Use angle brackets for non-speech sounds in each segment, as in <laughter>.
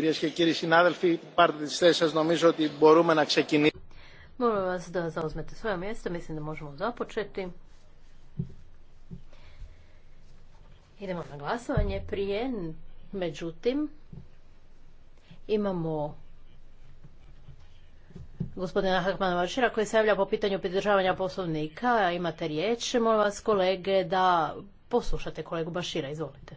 Κυρίες και κύριοι συνάδελφοι, πάρτε τις θέσεις σας. Νομίζω ότι Molim vas da zauzmete svoje mjesto, mislim da možemo započeti. Idemo na glasovanje prije, međutim, imamo gospodina Hakmana Vačera koji se javlja po pitanju pridržavanja poslovnika. Imate riječ, molim vas kolege da poslušate kolegu Bašira, izvolite.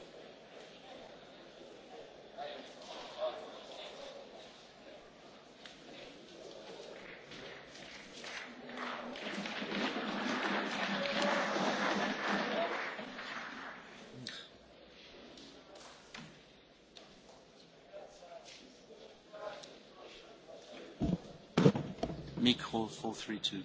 Micro 432.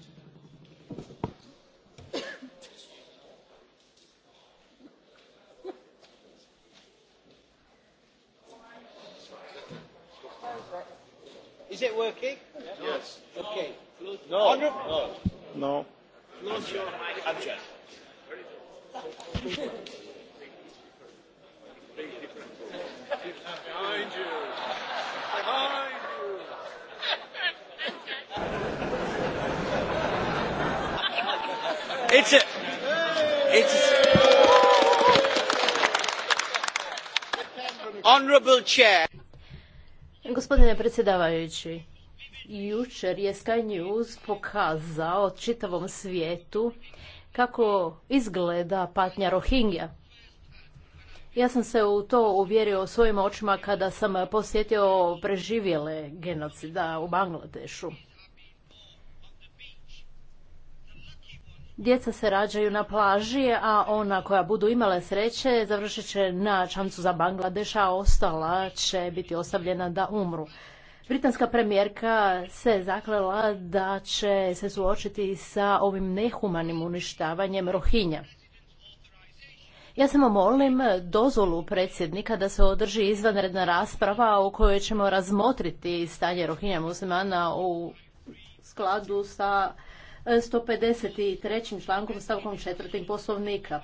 Is it working? No. <laughs> It's honorable chair. Gospodine predsjedavajući, jučer je Sky News pokazao čitavom svijetu kako izgleda patnja Rohingja. Ja sam se u to uvjerio svojim očima kada sam posjetio preživjele genocida u Bangladešu. Djeca se rađaju na plaži, a ona koja budu imale sreće završit će na čamcu za bangladeš a ostala će biti ostavljena da umru. Britanska premijerka se zaklela da će se suočiti sa ovim nehumanim uništavanjem Rohinja. Ja samo molim dozvolu predsjednika da se održi izvanredna rasprava u kojoj ćemo razmotriti stanje Rohinja muslimana u skladu sa 153. člankom stavkom četvrtim poslovnika.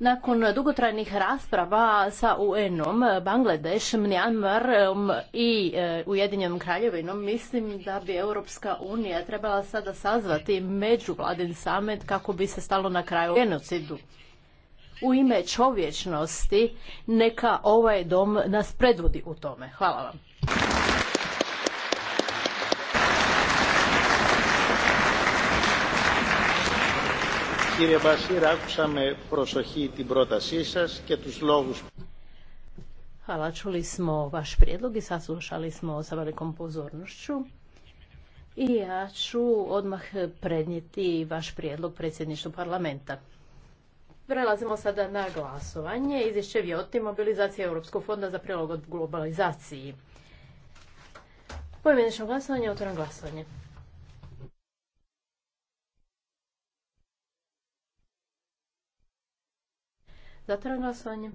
Nakon dugotrajnih rasprava sa UN-om, Bangladeš, Mjanmarom i e, Ujedinjenom kraljevinom, mislim da bi Europska unija trebala sada sazvati međuvladin samet kako bi se stalo na kraju genocidu. U ime čovječnosti neka ovaj dom nas predvodi u tome. Hvala vam. tus čuli smo vaš prijedlog i saslušali smo sa velikom pozornošću. I ja ću odmah prednijeti vaš prijedlog predsjedništvu parlamenta. Prelazimo sada na glasovanje. Izvješće Vjoti, mobilizacija Europskog fonda za prilog od globalizaciji. Pojmenično glasovanje, otvoram glasovanje. sa njim.